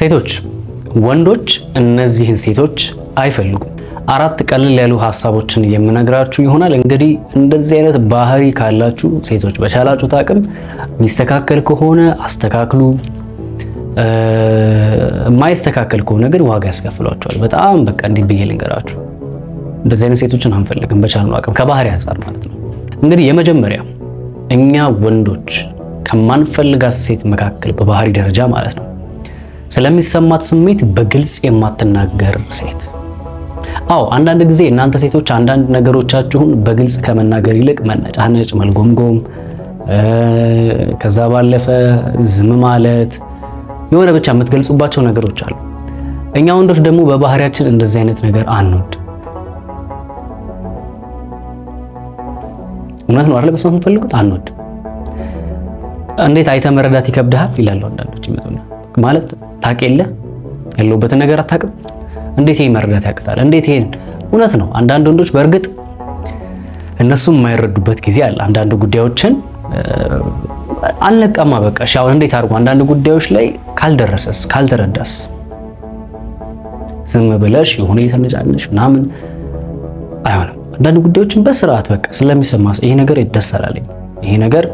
ሴቶች ወንዶች እነዚህን ሴቶች አይፈልጉም። አራት ቀልል ያሉ ሀሳቦችን የምነግራችሁ ይሆናል። እንግዲህ እንደዚህ አይነት ባህሪ ካላችሁ ሴቶች በቻላችሁት አቅም የሚስተካከል ከሆነ አስተካክሉ፣ የማይስተካከል ከሆነ ግን ዋጋ ያስከፍሏቸዋል። በጣም በቃ እንዲህ ብዬ ልንገራችሁ፣ እንደዚህ አይነት ሴቶችን አንፈልግም፣ በቻልነው አቅም ከባህሪ አንጻር ማለት ነው። እንግዲህ የመጀመሪያ እኛ ወንዶች ከማንፈልጋት ሴት መካከል በባህሪ ደረጃ ማለት ነው ስለሚሰማት ስሜት በግልጽ የማትናገር ሴት። አዎ አንዳንድ ጊዜ እናንተ ሴቶች አንዳንድ ነገሮቻችሁን በግልጽ ከመናገር ይልቅ መነጫነጭ፣ መልጎምጎም፣ ከዛ ባለፈ ዝም ማለት የሆነ ብቻ የምትገልጹባቸው ነገሮች አሉ። እኛ ወንዶች ደግሞ በባህሪያችን እንደዚህ አይነት ነገር አንወድ። እውነት ነው አይደል? መስማት የምትፈልጉት አንወድ። እንዴት አይተ መረዳት ይከብድሃል ይላሉ አንዳንዶች። ማለት ታቅ የለ ያለሁበትን ነገር አታቅም እንዴት ይሄ መረዳት ያቅታል? እንዴት ይሄን እውነት ነው። አንዳንድ ወንዶች በእርግጥ እነሱም የማይረዱበት ጊዜ አለ። አንዳንድ ጉዳዮችን አልነቃማ በቃ እሺ፣ አሁን እንዴት አድርጎ አንዳንድ ጉዳዮች ላይ ካልደረሰስ ካልተረዳስ ዝም ብለሽ የሆነ የተነጫነሽ ምናምን አይሆንም። አንዳንድ ጉዳዮችን በስርዓት በቃ ስለሚሰማ ይሄ ነገር ይደሰላለኝ ይሄ ነገር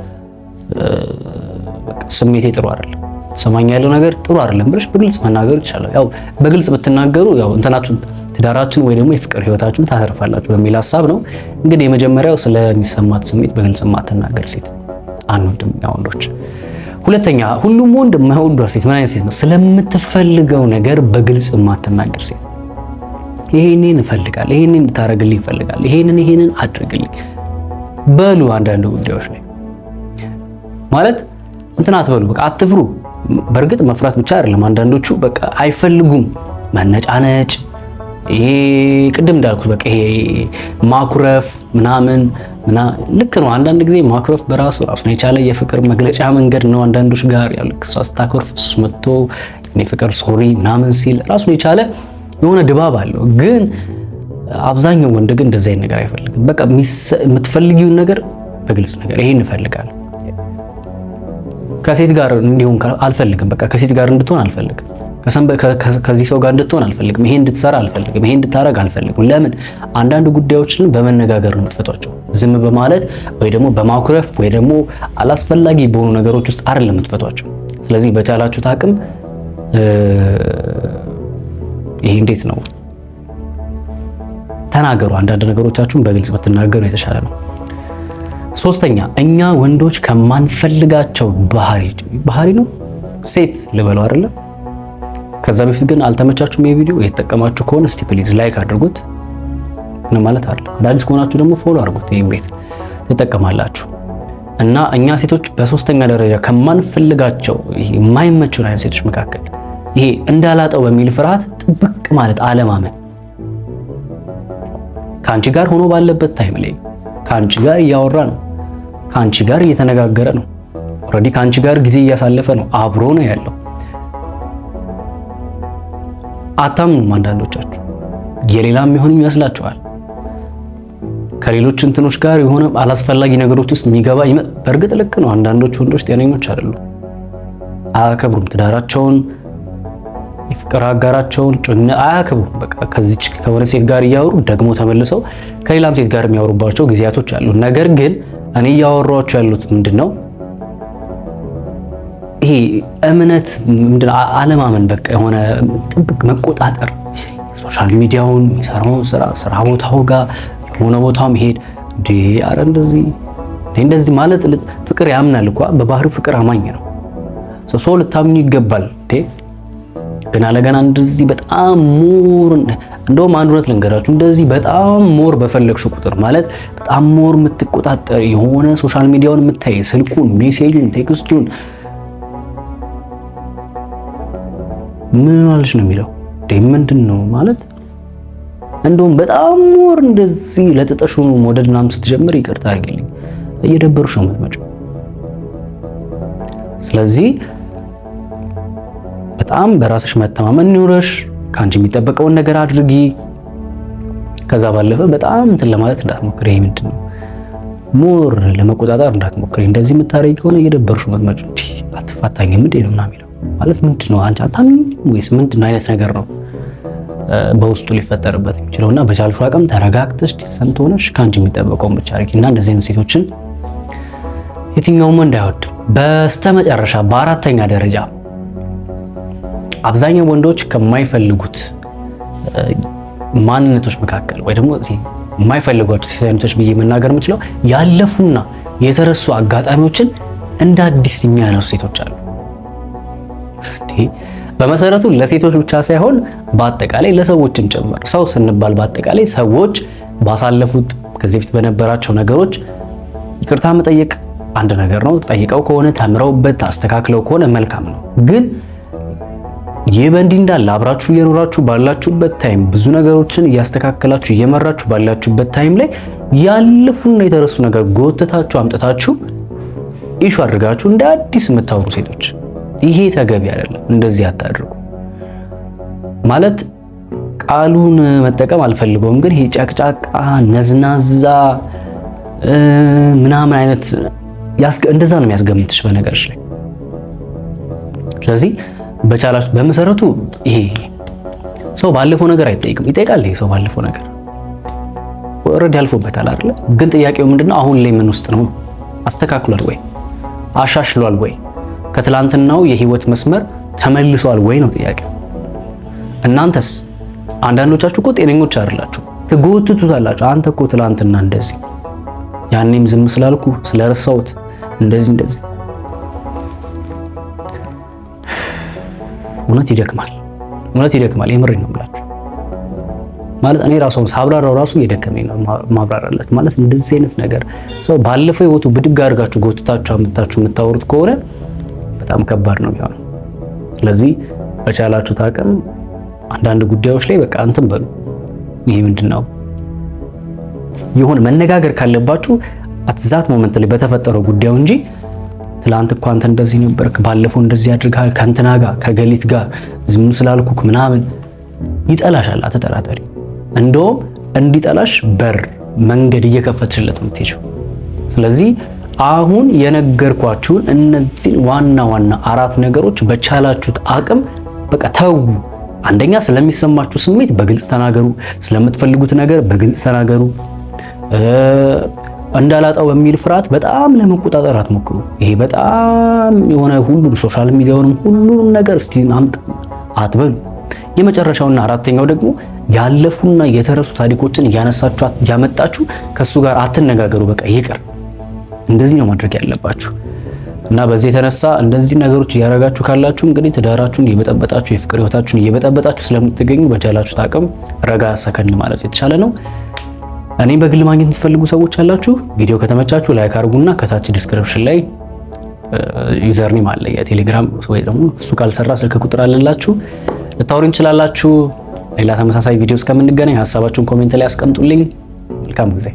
ስሜቴ ጥሩ አይደለም ሰማኝ ያለው ነገር ጥሩ አይደለም ብለሽ በግልጽ መናገር ይቻላል። ያው በግልጽ ብትናገሩ ያው እንትናችሁን ትዳራችን ወይ ደግሞ የፍቅር ህይወታችሁን ታተርፋላችሁ በሚል ሀሳብ ነው። እንግዲህ የመጀመሪያው ስለሚሰማት ስሜት በግልጽ ማትናገር ሴት አንወድም ያው ወንዶች። ሁለተኛ ሁሉም ወንድ የማይወዷ ሴት ምን አይነት ሴት ነው? ስለምትፈልገው ነገር በግልጽ የማትናገር ሴት። ይሄንን እፈልጋለሁ፣ ይሄንን እንድታረግልኝ እፈልጋለሁ፣ ይሄንን ይሄንን አድርግልኝ በሉ አንዳንድ ጉዳዮች ላይ ማለት እንትን አትበሉ፣ በቃ አትፍሩ በእርግጥ መፍራት ብቻ አይደለም። አንዳንዶቹ በቃ አይፈልጉም መነጫነጭ፣ ይሄ ቅድም እንዳልኩት በቃ ይሄ ማኩረፍ ምናምን ልክ ነው። አንዳንድ ጊዜ ማኩረፍ በራሱ ራሱን የቻለ የፍቅር መግለጫ መንገድ ነው። አንዳንዶች ጋር ያለ ክሷ ስታኮርፍ እሱ መጥቶ እኔ ፍቅር ሶሪ ምናምን ሲል ራሱን የቻለ የሆነ ድባብ አለው። ግን አብዛኛው ወንድ ግን እንደዚህ አይነት ነገር አይፈልግም። በቃ የምትፈልጊውን ነገር በግልጽ ነገር ይሄ እንፈልጋለን ከሴት ጋር እንዲሆን አልፈልግም። በቃ ከሴት ጋር እንድትሆን አልፈልግም። ከዚህ ሰው ጋር እንድትሆን አልፈልግም። ይሄ እንድትሰራ አልፈልግም። ይሄ እንድታረግ አልፈልግም። ለምን? አንዳንድ ጉዳዮችን በመነጋገር ነው የምትፈቷቸው። ዝም በማለት ወይ ደግሞ በማኩረፍ ወይ ደግሞ አላስፈላጊ በሆኑ ነገሮች ውስጥ አይደለም የምትፈቷቸው። ስለዚህ በቻላችሁት አቅም ይሄ እንዴት ነው ተናገሩ። አንዳንድ ነገሮቻችሁን በግልጽ ብትናገሩ የተሻለ ነው። ሶስተኛ እኛ ወንዶች ከማንፈልጋቸው ባህሪ ባህሪ ነው ሴት ልበለው አይደለም። ከዛ በፊት ግን አልተመቻችሁም፣ የቪዲዮ የተጠቀማችሁ ከሆነ እስቲ ፕሊዝ ላይክ አድርጉት። ምን ማለት አለ? አዳዲስ ከሆናችሁ ደግሞ ፎሎ አድርጉት። ይህም ቤት ትጠቀማላችሁ። እና እኛ ሴቶች በሶስተኛ ደረጃ ከማንፈልጋቸው የማይመቹን አይነት ሴቶች መካከል ይሄ እንዳላጠው በሚል ፍርሃት ጥብቅ ማለት አለማመን ከአንቺ ጋር ሆኖ ባለበት ታይም ላይ ከአንቺ ጋር እያወራ ነው ከአንቺ ጋር እየተነጋገረ ነው። ኦልሬዲ ከአንቺ ጋር ጊዜ እያሳለፈ ነው። አብሮ ነው ያለው። አታምኑም። አንዳንዶቻችሁ የሌላም ይሆን ይመስላችኋል። ከሌሎች እንትኖች ጋር የሆነ አላስፈላጊ ነገሮች ውስጥ የሚገባ በእርግጥ ልክ ነው። አንዳንዶች ወንዶች ጤነኞች አይደሉም፣ አያከብሩም ትዳራቸውን፣ የፍቅር አጋራቸውን ጭን አያከብሩም። በቃ ከዚች ከሆነ ሴት ጋር እያወሩ ደግሞ ተመልሰው ከሌላም ሴት ጋር የሚያወሩባቸው ጊዜያቶች አሉ። ነገር ግን እኔ እያወሯችሁ ያሉት ምንድን ነው? ይሄ እምነት ምንድን ነው? አለማመን በቃ የሆነ ጥብቅ መቆጣጠር፣ ሶሻል ሚዲያውን የሚሰራውን ስራ ስራ ቦታው ጋር የሆነ ቦታው መሄድ እንዴ፣ አረ እንደዚህ እንደዚህ ማለት ፍቅር ያምናል እኮ በባህሪው ፍቅር አማኝ ነው ሰው ልታምኑ ይገባል። ግን ለገና እንደዚህ በጣም ሙር እንደውም አንድ እውነት ልንገራችሁ፣ እንደዚህ በጣም ሞር በፈለግሽ ቁጥር ማለት በጣም ሞር የምትቆጣጠር የሆነ ሶሻል ሚዲያውን የምታይ ስልኩን፣ ሜሴጁን፣ ቴክስቱን ምን አለሽ ነው የሚለው ምንድን ነው ማለት እንደውም በጣም ሞር እንደዚህ ለጥጠሹ መውደድ ምናምን ስትጀምር ይቅርታ አድርጊልኝ እየደበሩሽ ነው የምትመጪው። ስለዚህ በጣም በራስሽ መተማመን ይኑረሽ። ከአንቺ የሚጠበቀውን ነገር አድርጊ። ከዛ ባለፈ በጣም እንትን ለማለት እንዳትሞክሪ። ይሄ ምንድን ነው ሞር ለመቆጣጠር እንዳትሞክሪ። እንደዚህ የምታረጊ ከሆነ እየደበርሹ መጥመጭ እንዲ አትፋታኝ ምንድ ነው ምናምን የሚለው ማለት ምንድን ነው አንቺ አታምኝ ወይስ ምንድን አይነት ነገር ነው በውስጡ ሊፈጠርበት የሚችለው እና በቻልሹ አቅም ተረጋግተሽ ዲሰንት ሆነሽ ከአንቺ የሚጠበቀውን ብቻ አድርጊ እና እንደዚህ አይነት ሴቶችን የትኛውም እንዳይወድ። በስተመጨረሻ በአራተኛ ደረጃ አብዛኛው ወንዶች ከማይፈልጉት ማንነቶች መካከል ወይ ደግሞ የማይፈልጓቸው ሴት አይነቶች ብዬ መናገር የምችለው ያለፉና የተረሱ አጋጣሚዎችን እንደ አዲስ የሚያነሱ ሴቶች አሉ። በመሰረቱ ለሴቶች ብቻ ሳይሆን በአጠቃላይ ለሰዎችም ጭምር ሰው ስንባል በአጠቃላይ ሰዎች ባሳለፉት ከዚህ በፊት በነበራቸው ነገሮች ይቅርታ መጠየቅ አንድ ነገር ነው። ጠይቀው ከሆነ ተምረውበት አስተካክለው ከሆነ መልካም ነው ግን ይህ በእንዲህ እንዳለ አብራችሁ እየኖራችሁ ባላችሁበት ታይም ብዙ ነገሮችን እያስተካከላችሁ እየመራችሁ ባላችሁበት ታይም ላይ ያለፉና የተረሱ ነገር ጎትታችሁ አምጥታችሁ ኢሹ አድርጋችሁ እንደ አዲስ የምታወሩ ሴቶች፣ ይሄ ተገቢ አይደለም። እንደዚህ አታድርጉ። ማለት ቃሉን መጠቀም አልፈልገውም፣ ግን ይሄ ጨቅጫቃ ነዝናዛ ምናምን አይነት እንደዛ ነው የሚያስገምትሽ በነገርሽ ላይ ስለዚህ በቻላችሁ በመሰረቱ ይሄ ሰው ባለፈው ነገር አይጠይቅም። ይጠይቃል። ይሄ ሰው ባለፈው ነገር ወረድ አልፎበታል አይደለ? ግን ጥያቄው ምንድነው? አሁን ላይ ምን ውስጥ ነው? አስተካክሏል ወይ አሻሽሏል ወይ ከትላንትናው የህይወት መስመር ተመልሷል ወይ ነው ጥያቄው። እናንተስ አንዳንዶቻችሁ እኮ ጤነኞች አይደላችሁ፣ ትጎትቱታላችሁ። አንተ እኮ ትላንትና እንደዚህ ያኔም ዝም ስላልኩ ስለረሳሁት እንደዚህ እንደዚህ እውነት ይደክማል፣ እውነት ይደክማል። የምሬ ነው የምላችሁ። ማለት እኔ ራሱን ሳብራራው ራሱ እየደከመኝ ነው ማብራራላችሁ። ማለት እንደዚህ አይነት ነገር ሰው ባለፈው ህይወቱ ብድግ አድርጋችሁ ጎትታችሁ አምታችሁ የምታወሩት ከሆነ በጣም ከባድ ነው የሚሆነው። ስለዚህ በቻላችሁት አቅም አንዳንድ ጉዳዮች ላይ በቃ እንትን በሉ። ይሄ ምንድን ነው የሆነ መነጋገር ካለባችሁ አትዛት ሞመንት ላይ በተፈጠረው ጉዳዩ እንጂ ትላንት እኮ አንተ እንደዚህ ነበርክ፣ ባለፈው እንደዚህ አድርገሃል፣ ከእንትና ጋር ከገሊት ጋር ዝም ስላልኩክ ምናምን ይጠላሻል። አትጠራጠሪ። እንደውም እንዲጠላሽ በር መንገድ እየከፈትሽለት የምትሄጂው። ስለዚህ አሁን የነገርኳችሁን እነዚህን ዋና ዋና አራት ነገሮች በቻላችሁት አቅም በቃ ተው። አንደኛ ስለሚሰማችሁ ስሜት በግልጽ ተናገሩ። ስለምትፈልጉት ነገር በግልጽ ተናገሩ። እንዳላጣው በሚል ፍርሃት በጣም ለመቆጣጠር አትሞክሩ። ይሄ በጣም የሆነ ሁሉም ሶሻል ሚዲያውንም ሁሉም ነገር እስቲ አምጥ አትበሉ። የመጨረሻውና አራተኛው ደግሞ ያለፉና የተረሱ ታሪኮችን እያነሳችሁ እያመጣችሁ ከሱ ጋር አትነጋገሩ። በቃ ይቅር። እንደዚህ ነው ማድረግ ያለባችሁ። እና በዚህ የተነሳ እንደዚህ ነገሮች እያደረጋችሁ ካላችሁ እንግዲህ ትዳራችሁን እየበጠበጣችሁ የፍቅር ህይወታችሁን እየበጠበጣችሁ ስለምትገኙ በቻላችሁት አቅም ረጋ ሰከን ማለት የተሻለ ነው። እኔ በግል ማግኘት የምትፈልጉ ሰዎች አላችሁ ቪዲዮ ከተመቻችሁ ላይክ አድርጉና ከታች ዲስክሪፕሽን ላይ ዩዘርኒም አለ የቴሌግራም ወይ ደግሞ እሱ ካልሰራ ስልክ ቁጥር አለላችሁ ልታወሩ እንችላላችሁ ሌላ ተመሳሳይ ቪዲዮ እስከምንገናኝ ሀሳባችሁን ኮሜንት ላይ አስቀምጡልኝ። መልካም ጊዜ